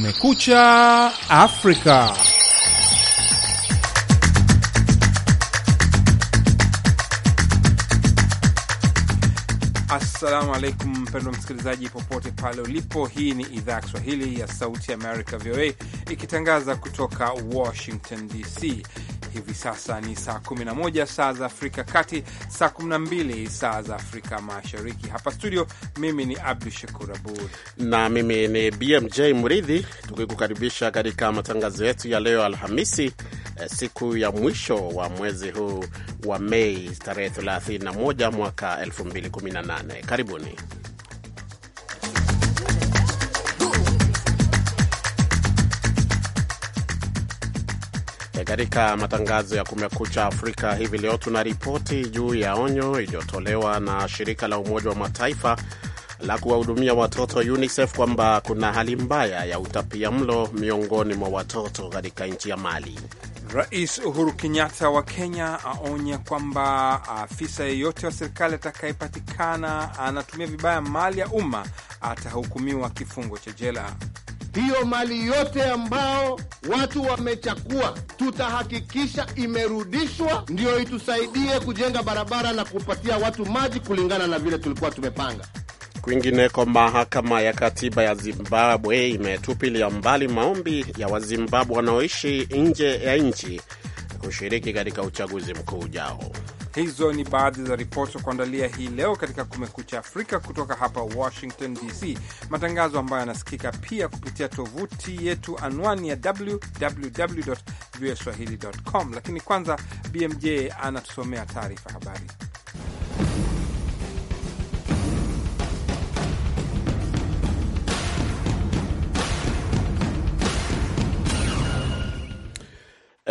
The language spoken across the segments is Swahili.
Kumekucha Afrika. Assalamu alaikum, mpendwa msikilizaji popote pale ulipo. Hii ni idhaa ya Kiswahili ya Sauti ya Amerika, VOA, ikitangaza kutoka Washington DC. Hivi sasa ni saa 11 saa za Afrika Kati, saa 12 saa za Afrika Mashariki. Hapa studio, mimi ni Abdu Shakur Abud na mimi ni BMJ Mridhi, tukikukaribisha katika matangazo yetu ya leo Alhamisi, eh, siku ya mwisho wa mwezi huu wa Mei tarehe 31 mwaka 2018. Karibuni. E, katika matangazo ya Kumekucha Afrika hivi leo tuna ripoti juu ya onyo iliyotolewa na shirika la Umoja wa Mataifa la kuwahudumia watoto UNICEF kwamba kuna hali mbaya ya utapia mlo miongoni mwa watoto katika nchi ya Mali. Rais Uhuru Kenyatta wa Kenya aonya kwamba afisa yeyote wa serikali atakayepatikana anatumia vibaya mali ya umma atahukumiwa kifungo cha jela hiyo mali yote ambao watu wamechakua, tutahakikisha imerudishwa, ndiyo itusaidie kujenga barabara na kupatia watu maji kulingana na vile tulikuwa tumepanga. Kwingineko, mahakama ya katiba ya Zimbabwe imetupilia mbali maombi ya Wazimbabwe wanaoishi nje ya nchi kushiriki katika uchaguzi mkuu ujao. Hizo ni baadhi za ripoti za kuandalia hii leo katika Kumekucha Afrika kutoka hapa Washington DC, matangazo ambayo yanasikika pia kupitia tovuti yetu, anwani ya www voa swahili com. Lakini kwanza, BMJ anatusomea taarifa habari.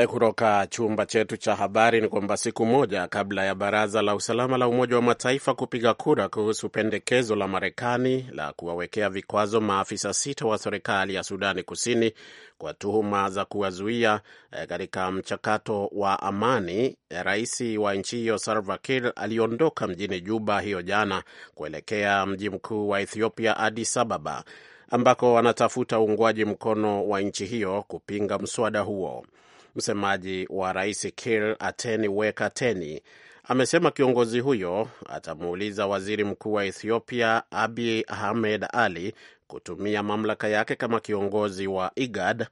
Eh, kutoka chumba chetu cha habari ni kwamba siku moja kabla ya baraza la usalama la Umoja wa Mataifa kupiga kura kuhusu pendekezo la Marekani la kuwawekea vikwazo maafisa sita wa serikali ya Sudani Kusini kwa tuhuma za kuwazuia eh, katika mchakato wa amani, eh, rais wa nchi hiyo Salva Kiir aliondoka mjini Juba hiyo jana kuelekea mji mkuu wa Ethiopia, Addis Ababa, ambako anatafuta uungwaji mkono wa nchi hiyo kupinga mswada huo. Msemaji wa rais Kir Ateni Wek Ateni amesema kiongozi huyo atamuuliza waziri mkuu wa Ethiopia abi Ahmed Ali kutumia mamlaka yake kama kiongozi wa IGAD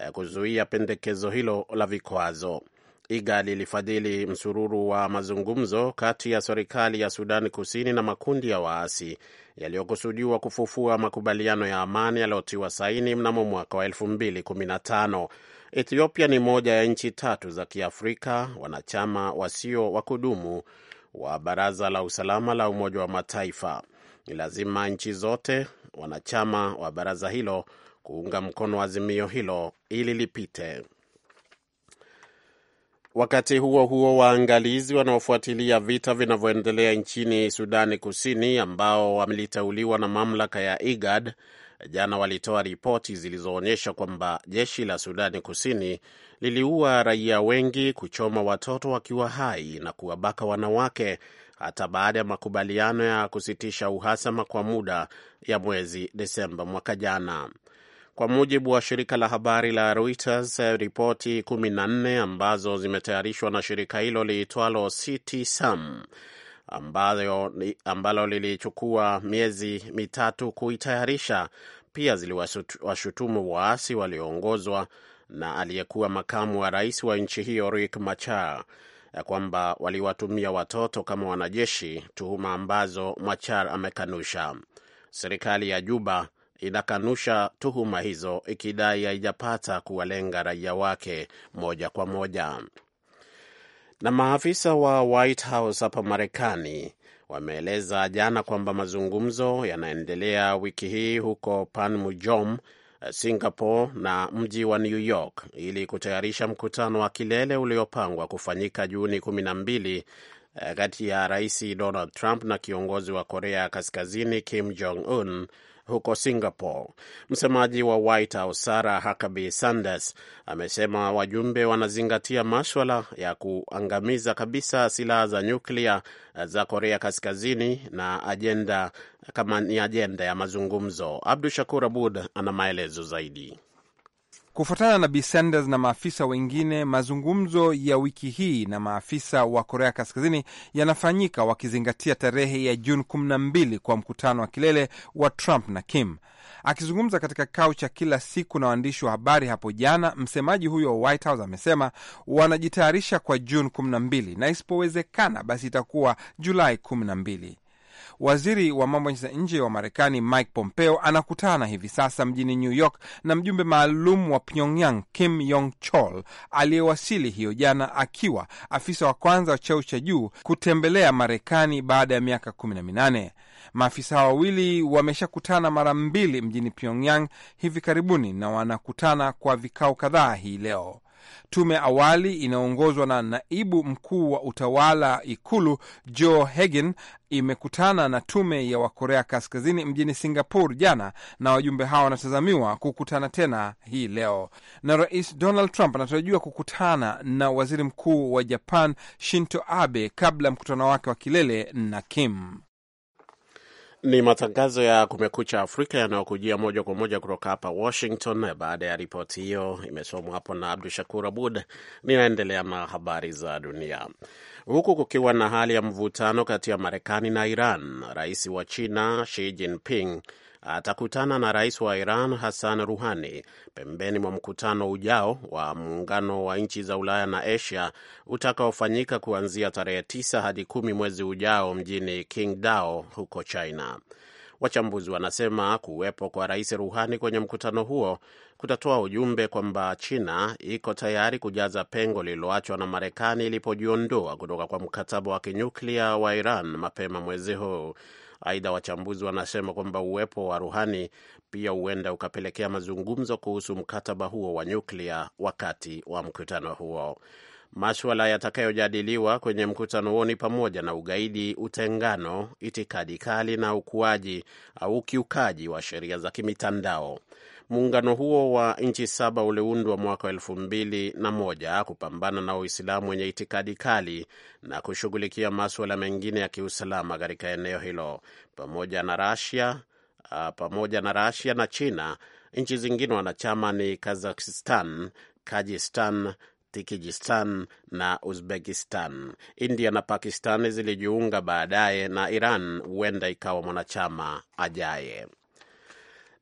eh, kuzuia pendekezo hilo la vikwazo. IGAD ilifadhili msururu wa mazungumzo kati ya serikali ya Sudani Kusini na makundi ya waasi yaliyokusudiwa kufufua makubaliano ya amani yaliyotiwa saini mnamo mwaka wa 215 Ethiopia ni moja ya nchi tatu za Kiafrika wanachama wasio wa kudumu wa Baraza la Usalama la Umoja wa Mataifa. Ni lazima nchi zote wanachama wa baraza hilo kuunga mkono azimio hilo ili lipite. Wakati huo huo, waangalizi wanaofuatilia vita vinavyoendelea nchini Sudani Kusini, ambao wameliteuliwa na mamlaka ya IGAD jana walitoa ripoti zilizoonyesha kwamba jeshi la Sudani Kusini liliua raia wengi, kuchoma watoto wakiwa hai na kuwabaka wanawake, hata baada ya makubaliano ya kusitisha uhasama kwa muda ya mwezi Desemba mwaka jana. Kwa mujibu wa shirika la habari la Reuters, ripoti 14 ambazo zimetayarishwa na shirika hilo liitwalo CT ambalo, ambalo lilichukua miezi mitatu kuitayarisha. Pia ziliwashutumu waasi walioongozwa na aliyekuwa makamu wa rais wa nchi hiyo Riek Machar kwamba waliwatumia watoto kama wanajeshi, tuhuma ambazo Machar amekanusha. Serikali ya Juba inakanusha tuhuma hizo ikidai haijapata kuwalenga raia wake moja kwa moja. Na maafisa wa White House hapa Marekani wameeleza jana kwamba mazungumzo yanaendelea wiki hii huko Panmunjom, Singapore na mji wa New York ili kutayarisha mkutano wa kilele uliopangwa kufanyika Juni kumi na mbili eh, kati ya Rais Donald Trump na kiongozi wa Korea Kaskazini Kim Jong Un huko Singapore. Msemaji wa White House Sarah Huckabee Sanders amesema wajumbe wanazingatia maswala ya kuangamiza kabisa silaha za nyuklia za Korea Kaskazini na ajenda kama ni ajenda ya mazungumzo. Abdu Shakur Abud ana maelezo zaidi. Kufuatana na Bi Sanders na maafisa wengine, mazungumzo ya wiki hii na maafisa wa Korea Kaskazini yanafanyika wakizingatia tarehe ya Juni kumi na mbili kwa mkutano wa kilele wa Trump na Kim. Akizungumza katika kikao cha kila siku na waandishi wa habari hapo jana, msemaji huyo wa White House amesema wanajitayarisha kwa Juni kumi na na isipowezekana basi itakuwa Julai kumi na mbili Waziri wa mambo ya nje wa Marekani Mike Pompeo anakutana hivi sasa mjini New York na mjumbe maalum wa Pyongyang Kim Yong Chol aliyewasili hiyo jana, akiwa afisa wa kwanza wa cheo cha juu kutembelea Marekani baada ya miaka kumi na minane. Maafisa wawili wameshakutana mara mbili mjini Pyongyang hivi karibuni na wanakutana kwa vikao kadhaa hii leo. Tume awali inayoongozwa na naibu mkuu wa utawala Ikulu Joe Hegin imekutana na tume ya Wakorea Kaskazini mjini Singapore jana, na wajumbe hao wanatazamiwa kukutana tena hii leo. Na Rais Donald Trump anatarajiwa kukutana na waziri mkuu wa Japan Shinzo Abe kabla ya mkutano wake wa kilele na Kim. Ni matangazo ya Kumekucha Afrika yanayokujia moja kwa moja kutoka hapa Washington. Baada ya ripoti hiyo imesomwa hapo na Abdu Shakur Abud, ninaendelea na habari za dunia. Huku kukiwa na hali ya mvutano kati ya Marekani na Iran, rais wa China Xi Jinping atakutana na rais wa Iran Hassan Ruhani pembeni mwa mkutano ujao wa muungano wa nchi za Ulaya na Asia utakaofanyika kuanzia tarehe 9 hadi kumi mwezi ujao mjini Qingdao huko China. Wachambuzi wanasema kuwepo kwa rais Ruhani kwenye mkutano huo kutatoa ujumbe kwamba China iko tayari kujaza pengo lililoachwa na Marekani ilipojiondoa kutoka kwa mkataba wa kinyuklia wa Iran mapema mwezi huu. Aidha, wachambuzi wanasema kwamba uwepo wa Ruhani pia huenda ukapelekea mazungumzo kuhusu mkataba huo wa nyuklia wakati wa mkutano huo. Maswala yatakayojadiliwa kwenye mkutano huo ni pamoja na ugaidi, utengano, itikadi kali na ukuaji au ukiukaji wa sheria za kimitandao. Muungano huo wa nchi saba uliundwa mwaka wa elfu mbili na moja kupambana na Uislamu wenye itikadi kali na kushughulikia maswala mengine ya kiusalama katika eneo hilo. Pamoja na Rasia, ah, pamoja na Rasia na China, nchi zingine wanachama ni Kazakhstan, Kajistan, Tikijistan na Uzbekistan. India na Pakistan zilijiunga baadaye, na Iran huenda ikawa mwanachama ajaye.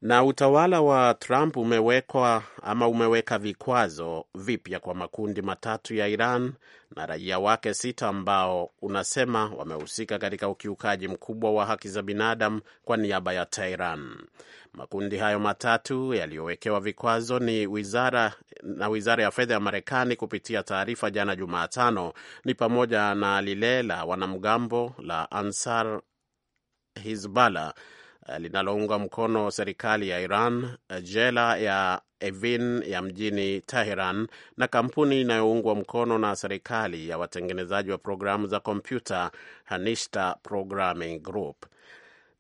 Na utawala wa Trump umewekwa ama umeweka vikwazo vipya kwa makundi matatu ya Iran na raia wake sita ambao unasema wamehusika katika ukiukaji mkubwa wa haki za binadamu kwa niaba ya Tehran. Makundi hayo matatu yaliyowekewa vikwazo ni wizara na wizara ya fedha ya Marekani kupitia taarifa jana Jumatano ni pamoja na lile la wanamgambo la Ansar Hizbala linalounga mkono serikali ya Iran, jela ya Evin ya mjini Teheran na kampuni inayoungwa mkono na serikali ya watengenezaji wa programu za kompyuta Hanista Programming Group.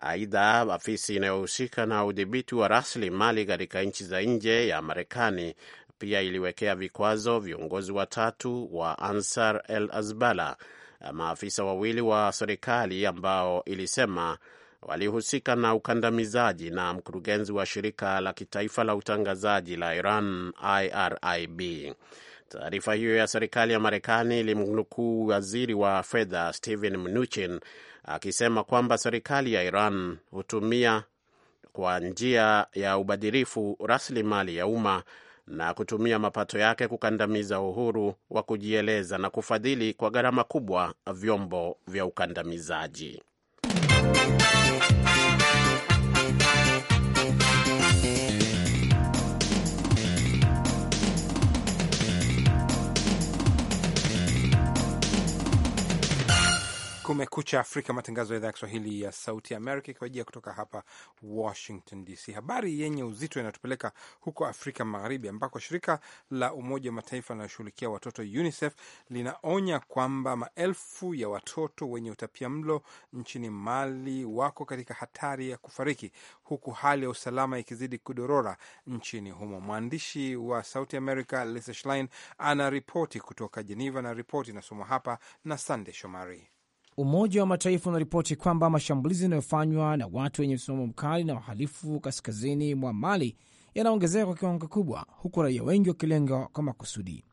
Aidha, afisi inayohusika na udhibiti wa rasilimali katika nchi za nje ya Marekani pia iliwekea vikwazo viongozi watatu wa Ansar el Azbala, maafisa wawili wa serikali ambao ilisema walihusika na ukandamizaji na mkurugenzi wa shirika la kitaifa la utangazaji la Iran IRIB. Taarifa hiyo ya serikali ya Marekani ilimnukuu waziri wa fedha Steven Mnuchin akisema kwamba serikali ya Iran hutumia kwa njia ya ubadhirifu rasilimali ya umma na kutumia mapato yake kukandamiza uhuru wa kujieleza na kufadhili kwa gharama kubwa vyombo vya ukandamizaji. Kumekucha Afrika, matangazo ya idhaa ya Kiswahili ya Sauti Amerika ikiwajia kutoka hapa Washington DC. Habari yenye uzito inatupeleka huko Afrika Magharibi, ambako shirika la Umoja wa Mataifa linaloshughulikia watoto UNICEF linaonya kwamba maelfu ya watoto wenye utapia mlo nchini Mali wako katika hatari ya kufariki, huku hali ya usalama ikizidi kudorora nchini humo. Mwandishi wa Sauti Amerika Lisa Schlein ana ripoti kutoka Jeneva na ripoti inasomwa hapa na Sande Shomari. Umoja wa Mataifa unaripoti kwamba mashambulizi yanayofanywa na watu wenye msimamo mkali na wahalifu kaskazini mwa Mali yanaongezeka kwa kiwango kikubwa, huku raia wengi wakilengwa kwa makusudi.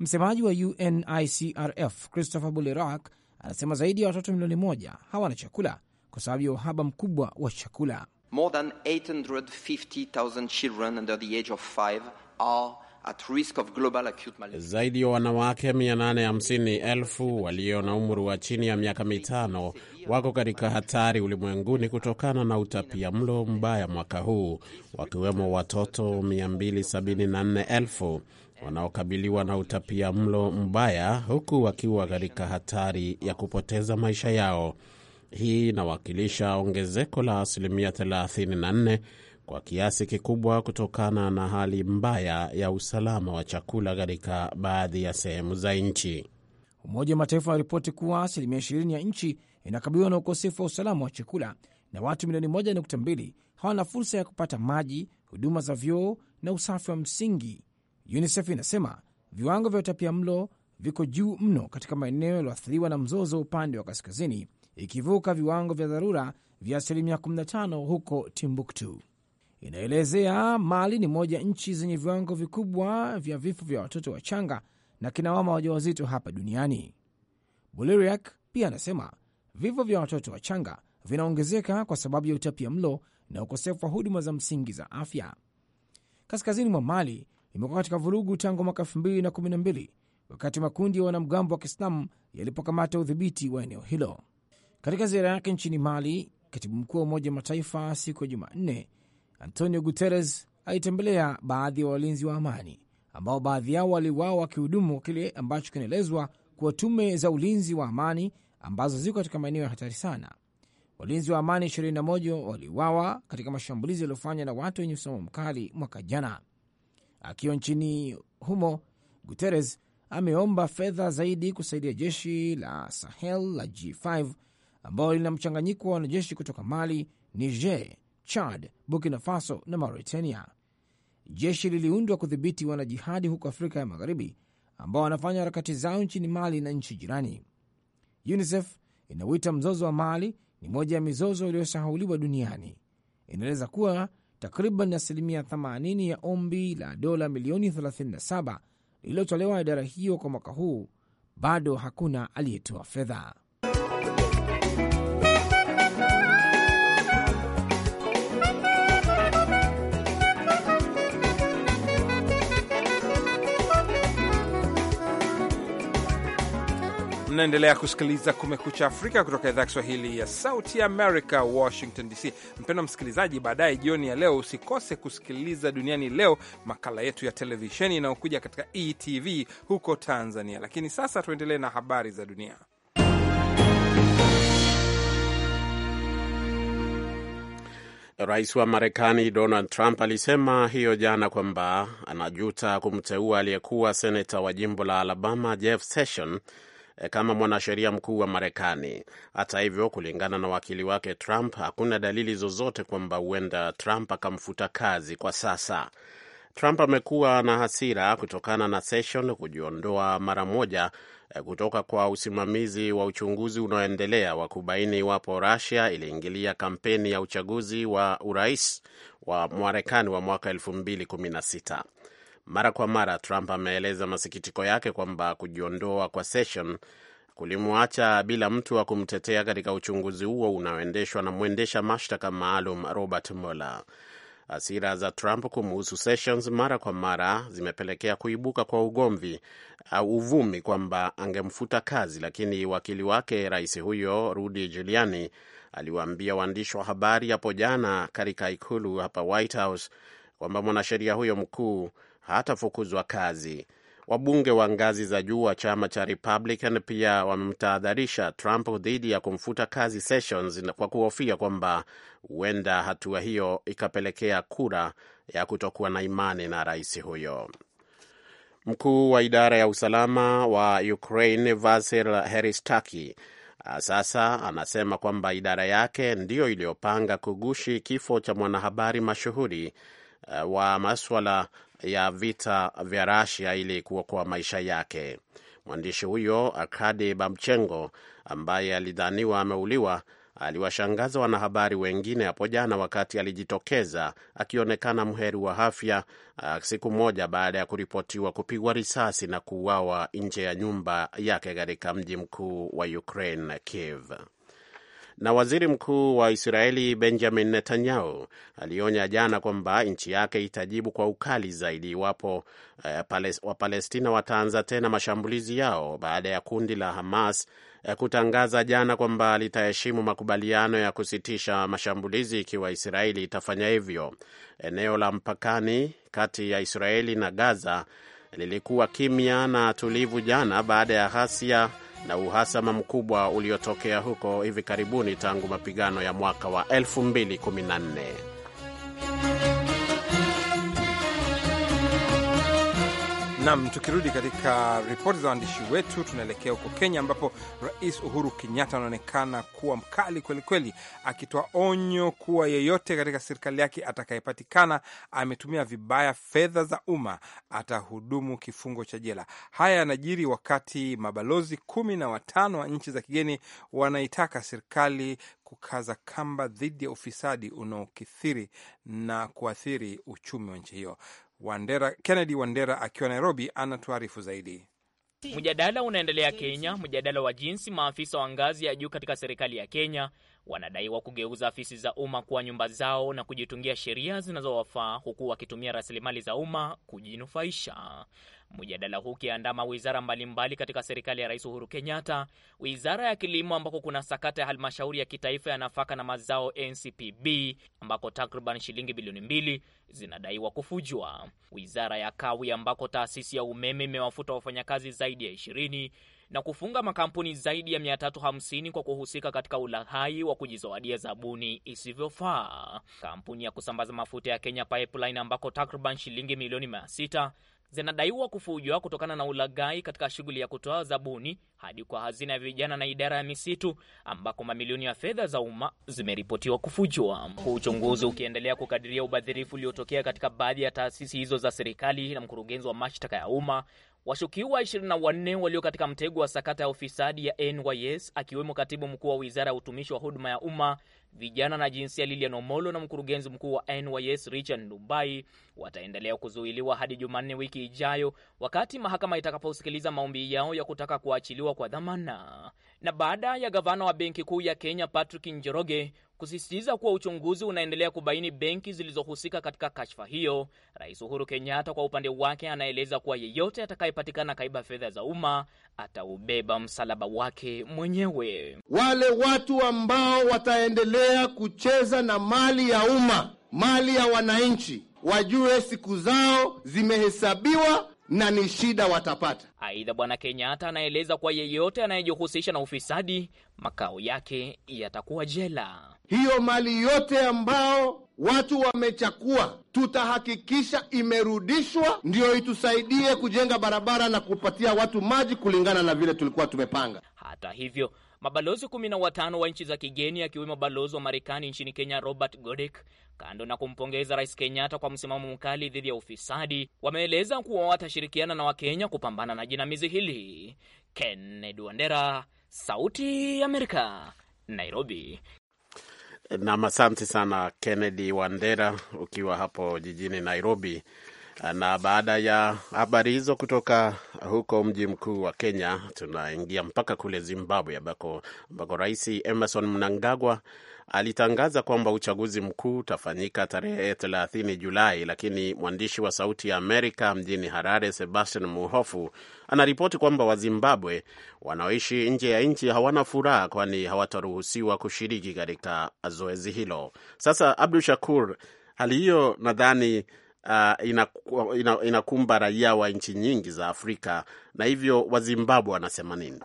Msemaji wa UNICRF Christopher Bulerak anasema zaidi ya watoto milioni moja hawana chakula kwa sababu ya uhaba mkubwa wa chakula. More than 850,000 children under the age of are at risk of global acute Zaidi ya wanawake 850,000 walio na umri wa chini ya miaka mitano wako katika hatari ulimwenguni kutokana na utapia mlo mbaya mwaka huu, wakiwemo watoto 274,000 wanaokabiliwa na utapia mlo mbaya huku wakiwa katika hatari ya kupoteza maisha yao. Hii inawakilisha ongezeko la asilimia 34 kwa kiasi kikubwa kutokana na hali mbaya ya usalama wa chakula katika baadhi ya sehemu za nchi. Umoja wa Mataifa unaripoti kuwa asilimia ishirini ya nchi inakabiliwa na ukosefu wa usalama wa chakula na watu milioni 1.2 hawana fursa ya kupata maji, huduma za vyoo na usafi wa msingi. UNICEF inasema viwango vya utapia mlo viko juu mno katika maeneo yaliyoathiriwa na mzozo upande wa kaskazini, ikivuka viwango vya dharura vya asilimia 15 huko Timbuktu inaelezea Mali ni moja nchi zenye viwango vikubwa vya vifo vya watoto wachanga na waja wajawazito hapa duniani. Buleriak pia anasema vifo vya watoto wachanga vinaongezeka kwa sababu ya utapia mlo na ukosefu wa huduma za msingi za afya. Kaskazini mwa Mali imekuwa katika vurugu tangu mwaka 2012 wakati makundi ya wanamgambo wa Kiislamu yalipokamata udhibiti wa eneo hilo. Katika ziara yake nchini Mali, katibu mkuu wa Umoja Mataifa siku ya Jumanne Antonio Guterres alitembelea baadhi ya wa walinzi wa amani ambao baadhi yao waliuawa wakihudumu kile ambacho kinaelezwa kuwa tume za ulinzi wa amani ambazo ziko katika maeneo ya hatari sana. Walinzi wa amani 21 waliuawa katika mashambulizi yaliyofanywa na watu wenye msimamo mkali mwaka jana. Akiwa nchini humo, Guterres ameomba fedha zaidi kusaidia jeshi la Sahel la G5 ambalo lina mchanganyiko wa wanajeshi kutoka Mali, Niger, Chad, Burkina Faso na Mauritania. Jeshi liliundwa kudhibiti wanajihadi huko Afrika ya Magharibi ambao wanafanya harakati zao nchini Mali na nchi jirani. UNICEF inawita mzozo wa Mali ni moja ya mizozo iliyosahauliwa duniani. Inaeleza kuwa takriban asilimia 80 ya ombi la dola milioni 37 lililotolewa idara hiyo kwa mwaka huu, bado hakuna aliyetoa fedha. Mnaendelea kusikiliza Kumekucha Afrika kutoka idhaa ya Kiswahili ya Sauti ya Amerika, Washington DC. Mpendwa msikilizaji, baadaye jioni ya leo usikose kusikiliza Duniani Leo, makala yetu ya televisheni inayokuja katika ETV huko Tanzania. Lakini sasa tuendelee na habari za dunia. Rais wa Marekani Donald Trump alisema hiyo jana kwamba anajuta kumteua aliyekuwa seneta wa jimbo la Alabama Jeff Sessions Eh, kama mwanasheria mkuu wa Marekani. Hata hivyo, kulingana na wakili wake Trump, hakuna dalili zozote kwamba huenda Trump akamfuta kazi kwa sasa. Trump amekuwa na hasira kutokana na Session kujiondoa mara moja eh, kutoka kwa usimamizi wa uchunguzi unaoendelea wa kubaini iwapo Russia iliingilia kampeni ya uchaguzi wa urais wa Marekani wa mwaka 2016. Mara kwa mara Trump ameeleza masikitiko yake kwamba kujiondoa kwa Session kulimwacha bila mtu wa kumtetea katika uchunguzi huo unaoendeshwa na mwendesha mashtaka maalum Robert Mueller. Hasira za Trump kumuhusu Sessions mara kwa mara zimepelekea kuibuka kwa ugomvi au uvumi kwamba angemfuta kazi, lakini wakili wake rais huyo Rudy Giuliani aliwaambia waandishi wa habari hapo jana katika ikulu hapa White House kwamba mwanasheria huyo mkuu hatafukuzwa kazi. Wabunge wa ngazi za juu wa chama cha Republican pia wamemtahadharisha Trump dhidi ya kumfuta kazi Sessions kwa kuhofia kwamba huenda hatua hiyo ikapelekea kura ya kutokuwa na imani na rais huyo. Mkuu wa idara ya usalama wa Ukraine Vasil Heristaki sasa anasema kwamba idara yake ndiyo iliyopanga kugushi kifo cha mwanahabari mashuhuri wa maswala ya vita vya Rasia ili kuokoa maisha yake. Mwandishi huyo Akadi Bamchengo, ambaye alidhaniwa ameuliwa, aliwashangaza wanahabari wengine hapo jana wakati alijitokeza akionekana mheri wa afya, ah, siku moja baada ya kuripotiwa kupigwa risasi na kuuawa nje ya nyumba yake katika mji mkuu wa Ukraine, Kiev na waziri mkuu wa Israeli Benjamin Netanyahu alionya jana kwamba nchi yake itajibu kwa ukali zaidi iwapo eh, Wapalestina wataanza tena mashambulizi yao baada ya kundi la Hamas eh, kutangaza jana kwamba litaheshimu makubaliano ya kusitisha mashambulizi ikiwa Israeli itafanya hivyo. Eneo la mpakani kati ya Israeli na Gaza lilikuwa kimya na tulivu jana baada ya ghasia na uhasama mkubwa uliotokea huko hivi karibuni tangu mapigano ya mwaka wa 2014. Nam, tukirudi katika ripoti za waandishi wetu, tunaelekea huko Kenya ambapo Rais Uhuru Kenyatta anaonekana kuwa mkali kwelikweli, akitoa onyo kuwa yeyote katika serikali yake atakayepatikana ametumia vibaya fedha za umma atahudumu kifungo cha jela. Haya yanajiri wakati mabalozi kumi na watano wa nchi za kigeni wanaitaka serikali kukaza kamba dhidi ya ufisadi unaokithiri na kuathiri uchumi wa nchi hiyo. Wandera, Kennedy Wandera akiwa Nairobi anatuarifu zaidi. Mjadala unaendelea Kenya, mjadala wa jinsi maafisa wa ngazi ya juu katika serikali ya Kenya wanadaiwa kugeuza afisi za umma kuwa nyumba zao na kujitungia sheria zinazowafaa huku wakitumia rasilimali za umma kujinufaisha. Mjadala huu ukiandama wizara mbalimbali katika serikali ya Rais Uhuru Kenyatta, wizara ya kilimo ambako kuna sakata ya halmashauri ya kitaifa ya nafaka na mazao NCPB ambako takriban shilingi bilioni mbili zinadaiwa kufujwa, wizara ya kawi ambako taasisi ya umeme imewafuta wafanyakazi zaidi ya ishirini na kufunga makampuni zaidi ya 350 kwa kuhusika katika ulaghai wa kujizawadia zabuni isivyofaa. Kampuni ya kusambaza mafuta ya Kenya Pipeline, ambako takriban shilingi milioni 600 zinadaiwa kufujwa kutokana na ulaghai katika shughuli ya kutoa zabuni hadi kwa hazina ya vijana na idara ya misitu ambako mamilioni ya fedha za umma zimeripotiwa kufujwa, huku uchunguzi ukiendelea kukadiria ubadhirifu uliotokea katika baadhi ya taasisi hizo za serikali. Na mkurugenzi wa mashtaka ya umma Washukiwa 24 walio katika mtego wa sakata ya ufisadi ya NYS akiwemo katibu mkuu wa wizara ya utumishi wa huduma ya umma vijana na jinsia Lilian Omolo na mkurugenzi mkuu wa NYS Richard Ndumbai wataendelea kuzuiliwa hadi Jumanne wiki ijayo, wakati mahakama itakaposikiliza maombi yao ya kutaka kuachiliwa kwa dhamana. Na baada ya gavana wa Benki Kuu ya Kenya Patrick Njoroge kusisitiza kuwa uchunguzi unaendelea kubaini benki zilizohusika katika kashfa hiyo, Rais Uhuru Kenyatta kwa upande wake anaeleza kuwa yeyote atakayepatikana kaiba fedha za umma ataubeba msalaba wake mwenyewe. Wale watu ambao wataendelea kuendelea kucheza na mali ya umma, mali ya wananchi, wajue siku zao zimehesabiwa na ni shida watapata. Aidha, Bwana Kenyatta anaeleza kuwa yeyote anayejihusisha na ufisadi makao yake yatakuwa jela. Hiyo mali yote ambao watu wamechakua, tutahakikisha imerudishwa, ndiyo itusaidie kujenga barabara na kupatia watu maji kulingana na vile tulikuwa tumepanga. Hata hivyo Mabalozi kumi na watano wa nchi za kigeni akiwemo balozi wa Marekani nchini Kenya Robert Godek, kando na kumpongeza Rais Kenyatta kwa msimamo mkali dhidi ya ufisadi, wameeleza kuwa watashirikiana na Wakenya kupambana na jinamizi hili. Kennedy Wandera, Sauti ya Amerika, Nairobi. Nam, asante sana Kennedy Wandera ukiwa hapo jijini Nairobi. Na baada ya habari hizo kutoka huko mji mkuu wa Kenya, tunaingia mpaka kule Zimbabwe ambako Rais Emerson Mnangagwa alitangaza kwamba uchaguzi mkuu utafanyika tarehe 30 Julai, lakini mwandishi wa Sauti ya Amerika mjini Harare, Sebastian Muhofu, anaripoti kwamba Wazimbabwe wanaoishi nje ya nchi hawana furaha, kwani hawataruhusiwa kushiriki katika zoezi hilo. Sasa Abdu Shakur, hali hiyo nadhani uh, inakumba ina, ina raia wa nchi nyingi za Afrika, na hivyo Wazimbabwe wanasema nini?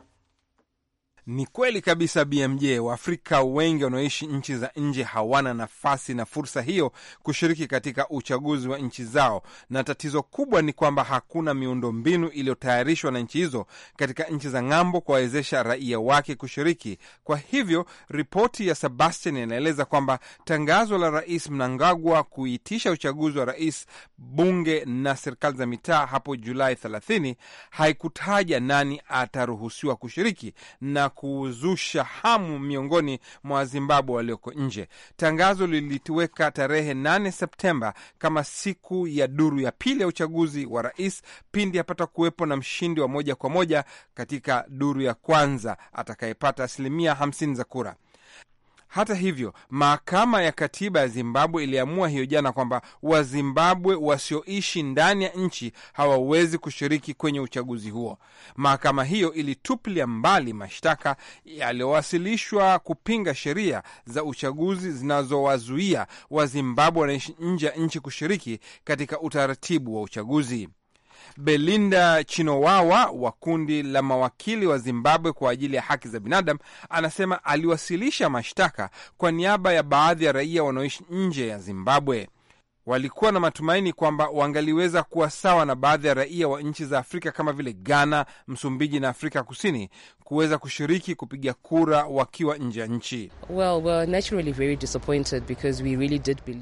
Ni kweli kabisa BMJ, Waafrika wengi wanaoishi nchi za nje hawana nafasi na fursa hiyo kushiriki katika uchaguzi wa nchi zao, na tatizo kubwa ni kwamba hakuna miundombinu iliyotayarishwa na nchi hizo katika nchi za ng'ambo kuwawezesha raia wake kushiriki. Kwa hivyo ripoti ya Sebastian inaeleza kwamba tangazo la Rais Mnangagwa kuitisha uchaguzi wa rais, bunge na serikali za mitaa hapo Julai 30 haikutaja nani ataruhusiwa kushiriki na kuzusha hamu miongoni mwa Wazimbabwe walioko nje. Tangazo lilitiweka tarehe 8 Septemba kama siku ya duru ya pili ya uchaguzi wa rais, pindi apata kuwepo na mshindi wa moja kwa moja katika duru ya kwanza atakayepata asilimia 50 za kura. Hata hivyo, mahakama ya katiba ya Zimbabwe iliamua hiyo jana kwamba Wazimbabwe wasioishi ndani ya nchi hawawezi kushiriki kwenye uchaguzi huo. Mahakama hiyo ilitupilia mbali mashtaka yaliyowasilishwa kupinga sheria za uchaguzi zinazowazuia Wazimbabwe wanaishi nje ya nchi kushiriki katika utaratibu wa uchaguzi. Belinda Chinowawa wa kundi la mawakili wa Zimbabwe kwa ajili ya haki za binadamu anasema aliwasilisha mashtaka kwa niaba ya baadhi ya raia wanaoishi nje ya Zimbabwe walikuwa na matumaini kwamba wangaliweza kuwa sawa na baadhi ya raia wa nchi za Afrika kama vile Ghana, Msumbiji na Afrika Kusini kuweza kushiriki kupiga kura wakiwa nje ya nchi. Well, really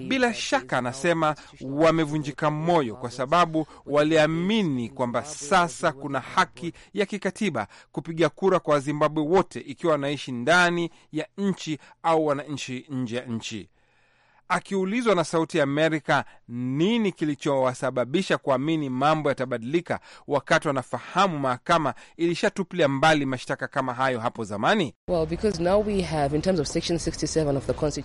bila shaka anasema wamevunjika moyo kwa sababu waliamini kwamba sasa kuna haki ya kikatiba kupiga kura kwa Wazimbabwe wote ikiwa wanaishi ndani ya nchi au wananchi nje ya nchi. Akiulizwa na Sauti ya Amerika nini kilichowasababisha kuamini mambo yatabadilika wakati wanafahamu mahakama ilishatupilia mbali mashtaka kama hayo hapo zamani, well, we have,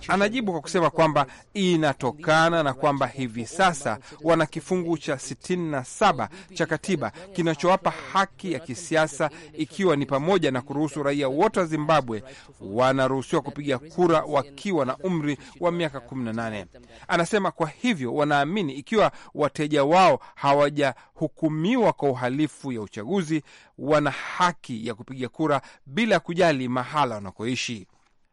anajibu kwa kusema kwamba inatokana na kwamba hivi sasa wana kifungu cha 67 cha katiba kinachowapa haki ya kisiasa, ikiwa ni pamoja na kuruhusu raia wote wa Zimbabwe wanaruhusiwa kupiga kura wakiwa na umri wa miaka 18 nane. Anasema kwa hivyo wanaamini ikiwa wateja wao hawajahukumiwa kwa uhalifu ya uchaguzi, wana haki ya kupiga kura bila kujali mahala wanakoishi.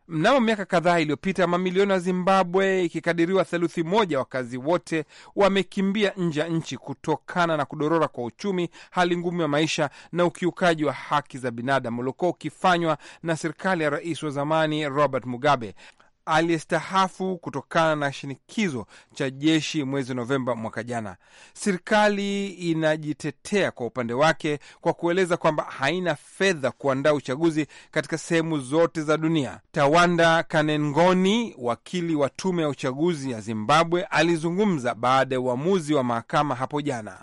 Mnamo miaka kadhaa iliyopita, mamilioni ya Zimbabwe, ikikadiriwa theluthi moja wakazi wote, wamekimbia nje ya nchi kutokana na kudorora kwa uchumi, hali ngumu ya maisha na ukiukaji wa haki za binadamu uliokuwa ukifanywa na serikali ya rais wa zamani Robert Mugabe aliyestahafu kutokana na shinikizo cha jeshi mwezi Novemba mwaka jana. Serikali inajitetea kwa upande wake kwa kueleza kwamba haina fedha kuandaa uchaguzi katika sehemu zote za dunia. Tawanda Kanengoni, wakili wa tume ya uchaguzi ya Zimbabwe, alizungumza baada ya uamuzi wa mahakama hapo jana.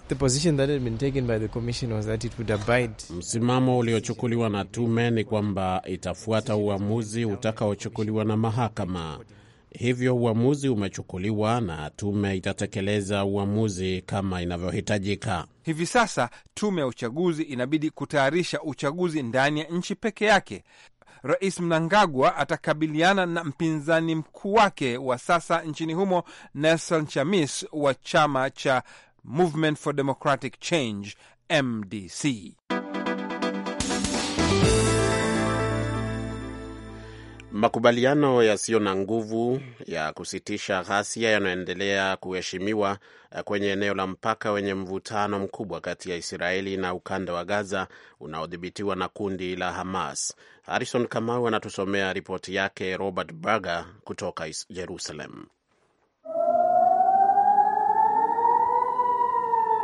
Msimamo uliochukuliwa na tume ni kwamba itafuata uamuzi utakaochukuliwa na mahakama mahakama. Hivyo uamuzi umechukuliwa na tume itatekeleza uamuzi kama inavyohitajika. Hivi sasa tume ya uchaguzi inabidi kutayarisha uchaguzi ndani ya nchi peke yake. Rais Mnangagwa atakabiliana na mpinzani mkuu wake wa sasa nchini humo, Nelson chamis wa chama cha Movement for Democratic Change, MDC. Makubaliano yasiyo na nguvu ya kusitisha ghasia yanaendelea kuheshimiwa eh, kwenye eneo la mpaka wenye mvutano mkubwa kati ya Israeli na ukanda wa Gaza unaodhibitiwa na kundi la Hamas. Harrison Kamau anatusomea ripoti yake Robert Berger kutoka Jerusalem.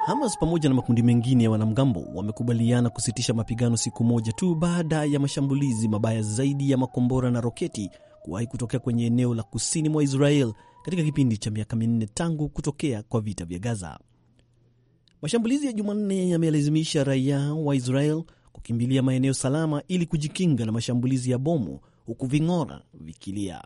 Hamas pamoja na makundi mengine ya wanamgambo wamekubaliana kusitisha mapigano siku moja tu baada ya mashambulizi mabaya zaidi ya makombora na roketi kuwahi kutokea kwenye eneo la kusini mwa Israel katika kipindi cha miaka minne tangu kutokea kwa vita vya Gaza. Mashambulizi ya Jumanne yamelazimisha raia wa Israel kukimbilia maeneo salama ili kujikinga na mashambulizi ya bomu huku ving'ora vikilia.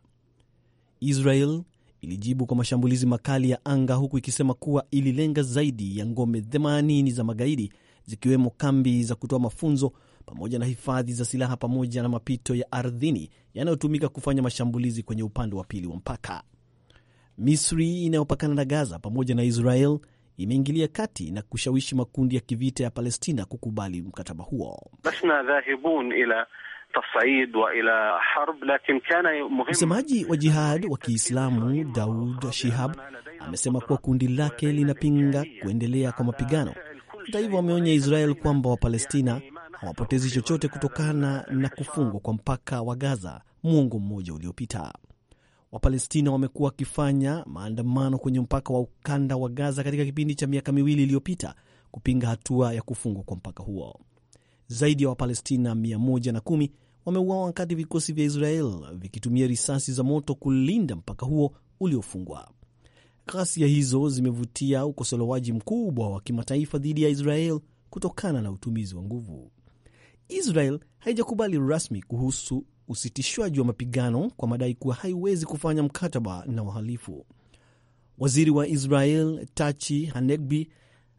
Israel ilijibu kwa mashambulizi makali ya anga huku ikisema kuwa ililenga zaidi ya ngome 80 za magaidi zikiwemo kambi za kutoa mafunzo pamoja na hifadhi za silaha pamoja na mapito ya ardhini yanayotumika kufanya mashambulizi kwenye upande wa pili wa mpaka. Misri inayopakana na Gaza pamoja na Israel imeingilia kati na kushawishi makundi ya kivita ya Palestina kukubali mkataba huo. basna dhahibun ila تصعيد والى حرب لكن كان مهم. Msemaji wa Jihad wa Kiislamu Daud Shihab amesema kuwa kundi lake linapinga kuendelea kwa mapigano. Hata hivyo, wameonya Israel kwamba Wapalestina hawapotezi chochote kutokana na kufungwa kwa mpaka wa Gaza muongo mmoja uliopita. Wapalestina wamekuwa wakifanya maandamano kwenye mpaka wa ukanda wa Gaza katika kipindi cha miaka miwili iliyopita kupinga hatua ya kufungwa kwa mpaka huo. Zaidi ya Wapalestina 110 wameuawa wakati vikosi vya Israel vikitumia risasi za moto kulinda mpaka huo uliofungwa. Ghasia hizo zimevutia ukosolewaji mkubwa wa kimataifa dhidi ya Israel kutokana na utumizi wa nguvu. Israel haijakubali rasmi kuhusu usitishwaji wa mapigano kwa madai kuwa haiwezi kufanya mkataba na wahalifu. Waziri wa Israel Tachi Hanegbi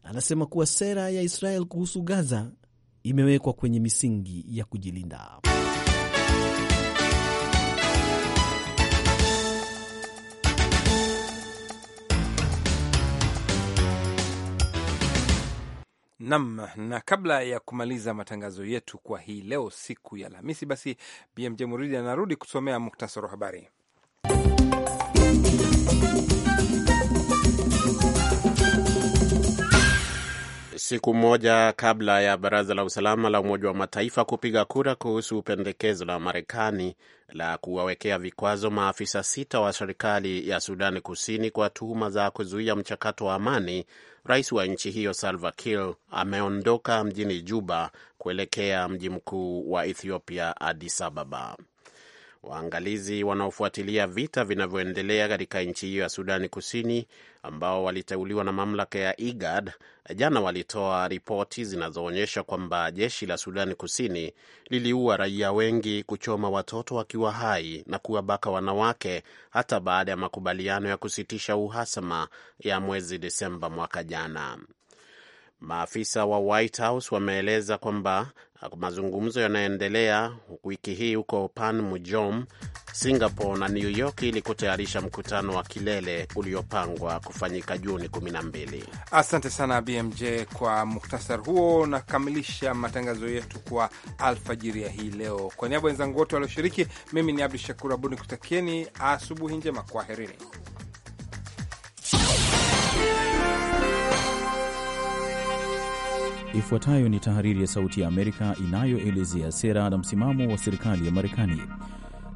anasema kuwa sera ya Israel kuhusu Gaza imewekwa kwenye misingi ya kujilinda. Nam, na kabla ya kumaliza matangazo yetu kwa hii leo, siku ya Alhamisi, basi BMJ Muridi anarudi kusomea muktasari wa habari. siku moja kabla ya Baraza la Usalama la Umoja wa Mataifa kupiga kura kuhusu pendekezo la Marekani la kuwawekea vikwazo maafisa sita wa serikali ya Sudani Kusini kwa tuhuma za kuzuia mchakato wa amani, rais wa nchi hiyo Salva Kiir ameondoka mjini Juba kuelekea mji mkuu wa Ethiopia, Addis Ababa. Waangalizi wanaofuatilia vita vinavyoendelea katika nchi hiyo ya Sudani Kusini, ambao waliteuliwa na mamlaka ya IGAD, jana walitoa ripoti zinazoonyesha kwamba jeshi la Sudani Kusini liliua raia wengi, kuchoma watoto wakiwa hai na kuwabaka wanawake, hata baada ya makubaliano ya kusitisha uhasama ya mwezi Desemba mwaka jana. Maafisa wa White House wameeleza kwamba ah, mazungumzo yanayoendelea wiki hii huko Panmunjom, Singapore na New York ili kutayarisha mkutano wa kilele uliopangwa kufanyika Juni 12. Asante sana BMJ kwa muhtasari huo. Nakamilisha matangazo yetu kwa alfajiri ya hii leo. Kwa niaba wenzangu wote walioshiriki, mimi ni Abdu Shakur Abud nikutakieni asubuhi njema. Kwaherini. Ifuatayo ni tahariri ya Sauti ya Amerika inayoelezea sera na msimamo wa serikali ya Marekani.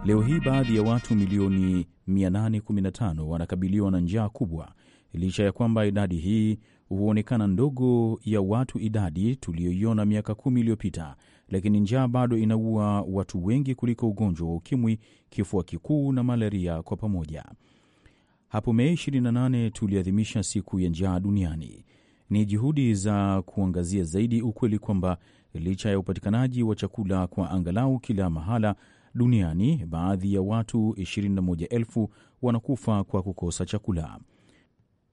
Leo hii baadhi ya watu milioni 815 wanakabiliwa na njaa kubwa, licha ya kwamba idadi hii huonekana ndogo ya watu idadi tuliyoiona miaka kumi iliyopita, lakini njaa bado inaua watu wengi kuliko ugonjwa wa ukimwi, kifua kikuu na malaria kwa pamoja. Hapo Mei 28 tuliadhimisha siku ya njaa duniani ni juhudi za kuangazia zaidi ukweli kwamba licha ya upatikanaji wa chakula kwa angalau kila mahala duniani, baadhi ya watu 21 wanakufa kwa kukosa chakula.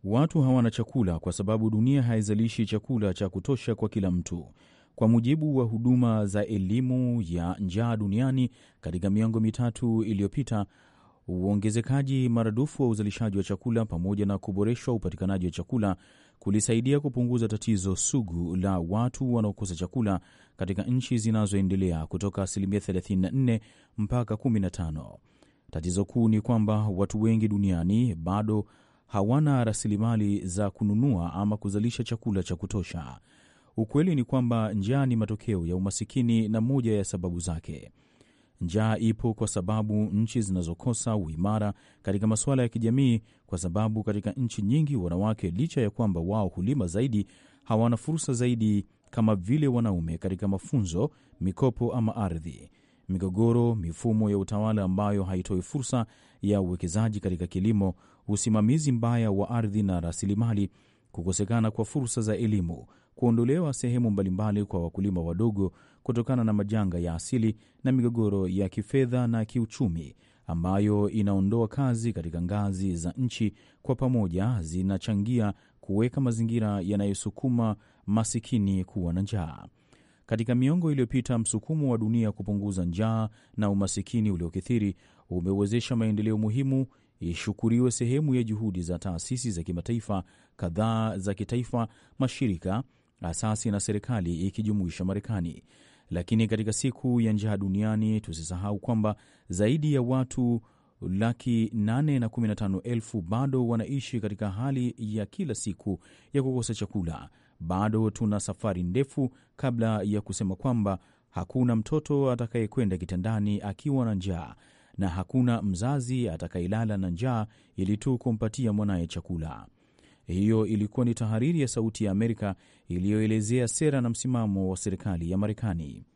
Watu hawana chakula kwa sababu dunia haizalishi chakula cha kutosha kwa kila mtu. Kwa mujibu wa huduma za elimu ya njaa duniani, katika miongo mitatu iliyopita, uongezekaji maradufu wa uzalishaji wa chakula pamoja na kuboreshwa upatikanaji wa chakula kulisaidia kupunguza tatizo sugu la watu wanaokosa chakula katika nchi zinazoendelea kutoka asilimia 34 mpaka 15. Tatizo kuu ni kwamba watu wengi duniani bado hawana rasilimali za kununua ama kuzalisha chakula cha kutosha. Ukweli ni kwamba njaa ni matokeo ya umasikini na moja ya sababu zake. Njaa ipo kwa sababu nchi zinazokosa uimara katika masuala ya kijamii, kwa sababu katika nchi nyingi wanawake, licha ya kwamba wao hulima zaidi, hawana fursa zaidi kama vile wanaume katika mafunzo, mikopo ama ardhi. Migogoro, mifumo ya utawala ambayo haitoi fursa ya uwekezaji katika kilimo, usimamizi mbaya wa ardhi na rasilimali, kukosekana kwa fursa za elimu, kuondolewa sehemu mbalimbali kwa wakulima wadogo, kutokana na majanga ya asili na migogoro ya kifedha na kiuchumi ambayo inaondoa kazi katika ngazi za nchi, kwa pamoja zinachangia kuweka mazingira yanayosukuma masikini kuwa na njaa. Katika miongo iliyopita, msukumo wa dunia kupunguza njaa na umasikini uliokithiri umewezesha maendeleo muhimu. Ishukuriwe sehemu ya juhudi za taasisi za kimataifa kadhaa za kitaifa, mashirika, asasi na serikali ikijumuisha Marekani. Lakini katika siku ya njaa duniani tusisahau kwamba zaidi ya watu laki 815 na elfu bado wanaishi katika hali ya kila siku ya kukosa chakula. Bado tuna safari ndefu kabla ya kusema kwamba hakuna mtoto atakayekwenda kitandani akiwa na njaa na hakuna mzazi atakayelala na njaa ili tu kumpatia mwanaye chakula. Hiyo ilikuwa ni tahariri ya Sauti ya Amerika iliyoelezea sera na msimamo wa serikali ya Marekani.